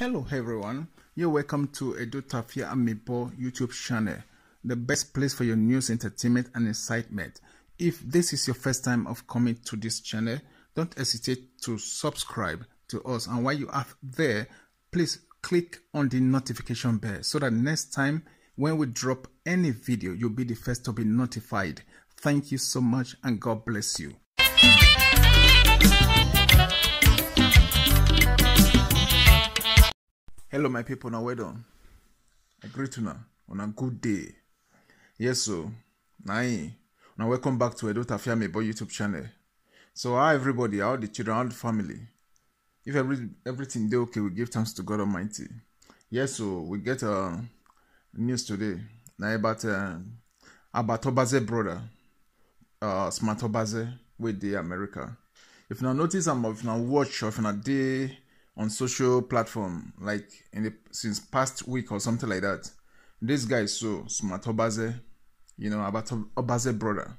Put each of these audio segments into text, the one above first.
Hello everyone, you're welcome to Edu Tafia Amipo YouTube channel, the best place for your news, entertainment and excitement. If this is your first time of coming to this channel, don't hesitate to subscribe to us and while you are there, please click on the notification bell so that next time when we drop any video, you'll be the first to be notified. Thank you so much and God bless you. Hello, my people. Now, well done. I greet you now on a good day. Yes, so Now, welcome back to Edo Tafiame Boy YouTube channel. So, how everybody, how the children, how the family. If every, everything day okay, we give thanks to God Almighty. Yes, so we get uh, news today now about uh, Obaze brother, uh, Obaze with the America. If you now notice, I'm if you now watch, if you day. on social platform like in the since past week or something like that. This guy so smart Obaze, you know about Obaze brother.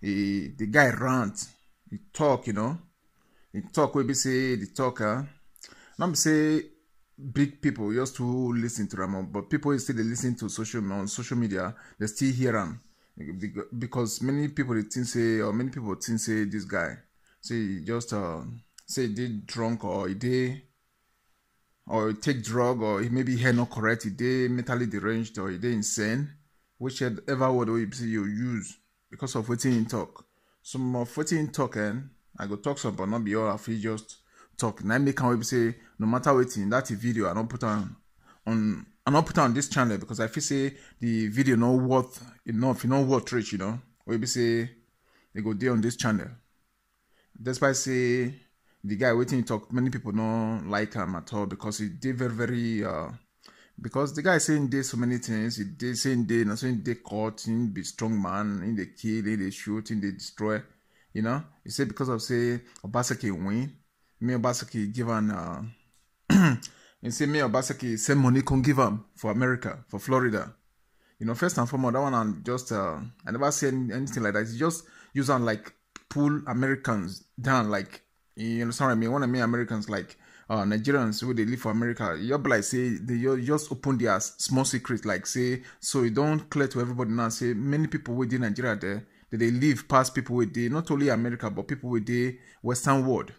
He the guy rant, he talk, you know, he talk we be say the talker. Not say big people just to listen to them, but people still they listen to social on social media. They still hear him because many people they think say or many people think say this guy say just uh, say they drunk or they or take drug or maybe hair not correct, he they mentally deranged or he they insane, whichever word you use because of what in talk. Some of what in talking, eh, I go talk some, but not be all. If he just talk. Now make can say no matter what in that video, I don't put on on I not put on this channel because I feel say the video not worth enough, e you know worth rich, you know. Or say they go there on this channel. That's why say the guy waiting to talk many people don't like him at all because he did very very uh because the guy saying did so many things he did saying they not saying they caught him be strong man in the kill in the shooting they destroy you know he said because of say obasaki win me obasaki given uh and say me obasaki send money can give him for america for florida you know first and foremost that one i'm just uh i never say anything like that He just use like pull americans down like you understand what I mean? One of me Americans like uh, Nigerians who they live for America, you be like say they just open their small secret, like say so you don't clear to everybody now. Say many people within Nigeria there that they live past people with the not only America but people with the Western world.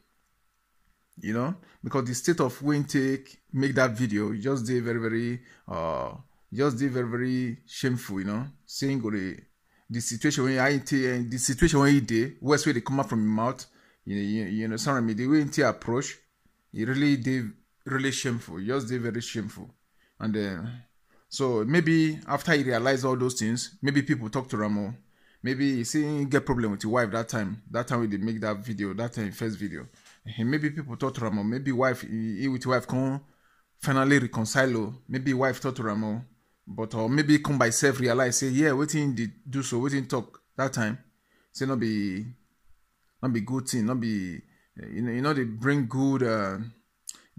You know, because the state of wind take make that video just did very very uh just did very very shameful. You know, saying the the situation when I the situation when you did, where's where they come out from your mouth. you, you, you know, sorry me, the way into approach, it really they really shameful. Just they very shameful. And then uh, so maybe after he realized all those things, maybe people talk to Ramo. Maybe he see get problem with your wife that time. That time we did make that video, that time first video. And maybe people talk to Ramo. Maybe wife he, he with wife come finally reconcile. Oh. Maybe wife talk to Ramo. But or maybe come by self realize say, yeah, waiting did do so, waiting talk that time. Say not be not be good thing, not be eh, you know, you know they bring good uh,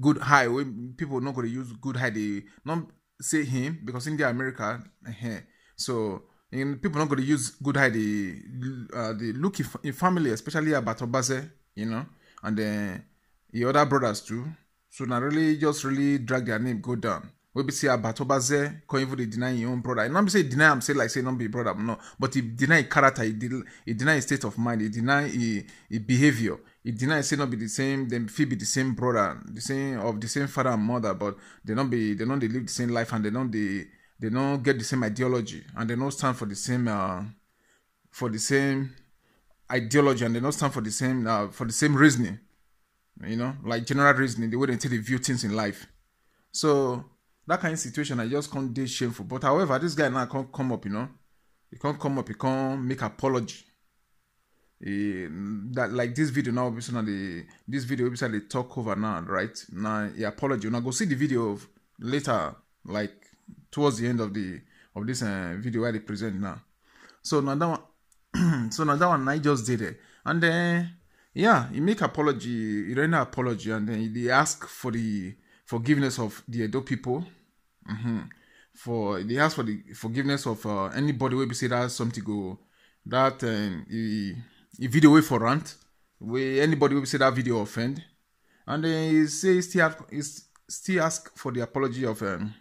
good high when people not gonna use good high they not say him because in the America uh-huh. so in, people not gonna use good high The uh, they look in, in family especially about Obase, you know and then the other brothers too so not really just really drag their name go down wey be say abatobaze can't even deny him own brother. And be say deny am say like say not be brother, no. But he deny his character, he, de- he deny his state of mind, he deny his, his behavior. He deny say not be the same, them feel be the same brother, the same of the same father and mother, but they don't be they don't they live the same life and they don't they they don't get the same ideology and they don't stand for the same uh, for the same ideology and they don't stand for the same uh, for the same reasoning. You know, like general reasoning, the way they take they view things in life. So that kind of situation I just can't do shameful. But however, this guy now can't come up, you know. He can't come up, he can't make apology. He, that like this video now obviously now the this video obviously talk over now, right? Now he apology. Now go see the video of later, like towards the end of the of this uh, video where they present now. So now that one so now that one I just did it. And then yeah, he make apology, he render apology and then they ask for the forgiveness of the Edo people. Mm-hmm. For they ask for the forgiveness of uh, anybody where we say that something go that um, he, video way for rant where anybody will say that video offend, and they say still have, still ask for the apology of um,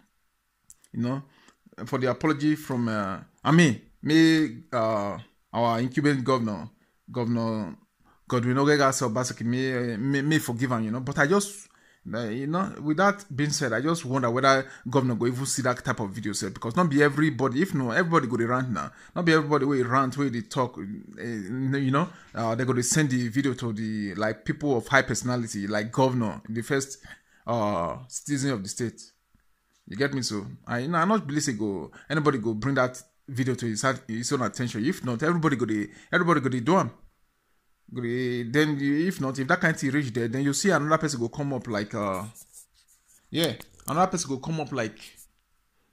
you know for the apology from uh, I mean me uh, our incumbent governor governor Godwin Ogega Obaseki me may may forgive him you know but I just you know, with that being said, I just wonder whether governor go even see that type of video set because not be everybody. If no, everybody go to rant now. Not be everybody will rant where they talk. Eh, you know, uh, they go to send the video to the like people of high personality, like governor, the first uh citizen of the state. You get me? So I you know I not believe say go anybody go bring that video to his his own attention. If not, everybody go to everybody go to do one. then if not if that kind thing reach there then you see another person go come up like uh yeah another person go come up like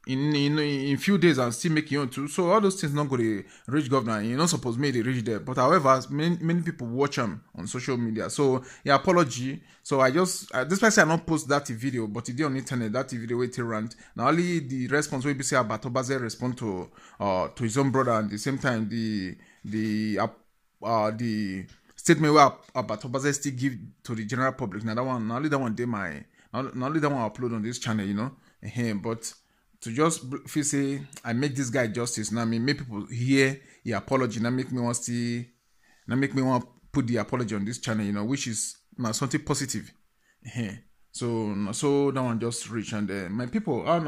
in in in few days and still make your too so all those things not go dey reach governor you're not supposed to make it reach there but however many many people watch him on social media so yeah apology so i just uh, despite say i not post that video but e dey on internet that video wey around now only the response will be say about Obaze respond to uh, to his own brother and at the same time the the uh, uh, the statement wey abatobase still give to the general public na that one not only that one dey my not only that one i upload on this channel you know um, but to just feel say i make this guy justice now. I mean make people hear the apology Now make me want to, now make me want to put the apology on this channel you know which is na something positive um, so so that one just reach and uh, my people how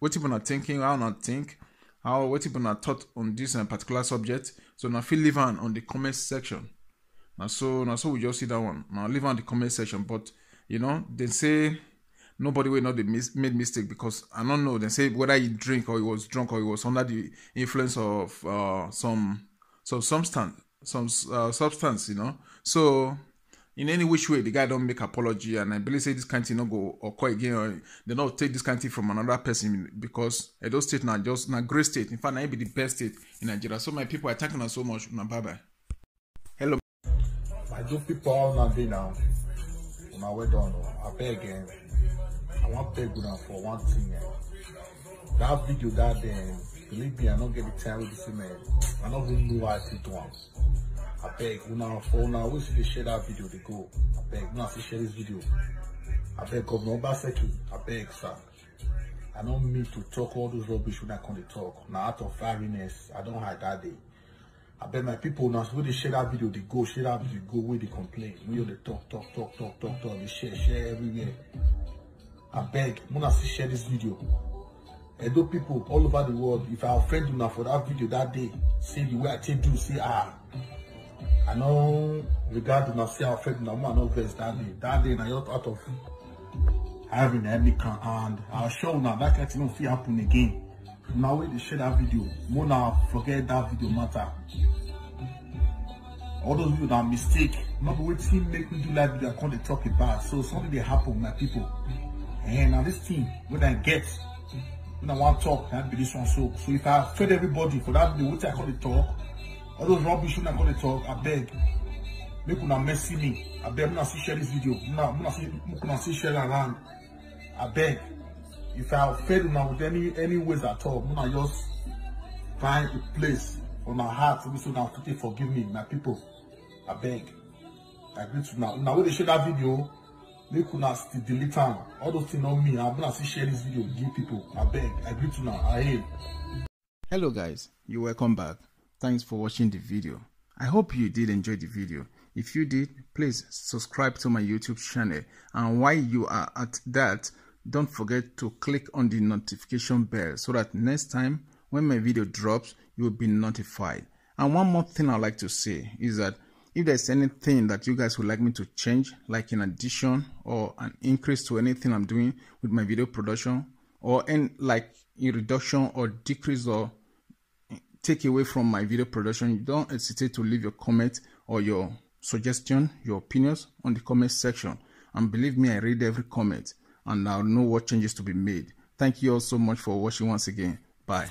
what people una thinking how una think how people una thought on this uh, particular subject so now feel leave am on the comment section. Now so now so we just see that one. Now leave on the comment section. But you know, they say nobody will not they mis- made mistake because I don't know. They say whether he drink or he was drunk or he was under the influence of uh, some some substance, some uh, substance. You know, so in any which way the guy don't make apology and i believe say this kind of thing no go occur again or they not take this kind of thing from another person because edo state now just na great state in fact I be the best state in nigeria so my people i thank una so much una bye bye I do people all not be now. I well done. I beg again. Eh. I want beg now for one thing. Eh. That video that day, eh, believe me, I don't get the time with this man. I don't even know why I did one. I beg una for una. We see they share that video. They go. I beg I see share this video. I beg Governor Obaseki. I beg sir. I don't mean to talk all those rubbish when I come to talk. Now out of fairness, I don't hide that day. I bet my people now so they share that video, they go, share that video, go where they complain. We all the talk, talk, talk, talk, talk, talk, they share, share everywhere. I beg, Mona see share this video. And Edo people all over the world, if I offend you now for that video that day, see the way I take you. See, ah. I know regard to now say I offend now, I know verse that day. That day now you're out of having any kind and I'll show now that can't even happen again now wey dey share that video more na forget that video matter all those people that mistake no be team make me do live video i come dey talk about so something they happen with my people and eh, now this team, when i get when i wan talk na be this one so so if i fed everybody for that video wetin i call dey talk all those rubbish wey i call dey talk I beg, make una mercy me I beg, abeg una see share this video una una see, make una see share around I beg if I offend una with any any ways at all, I just find a place on my heart for me so now to forgive me, my people. I beg. I agree to now. Now when they share that video, they could una still delete them. All those things on me. I'm gonna still share this video. Give people. I beg. I agree to now. I hail. Hello guys, you welcome back. Thanks for watching the video. I hope you did enjoy the video. If you did, please subscribe to my YouTube channel. And while you are at that, don't forget to click on the notification bell so that next time when my video drops you will be notified and one more thing i'd like to say is that if there's anything that you guys would like me to change like an addition or an increase to anything i'm doing with my video production or in like a reduction or decrease or take away from my video production don't hesitate to leave your comment or your suggestion your opinions on the comment section and believe me i read every comment and I'll know what changes to be made. Thank you all so much for watching once again. Bye.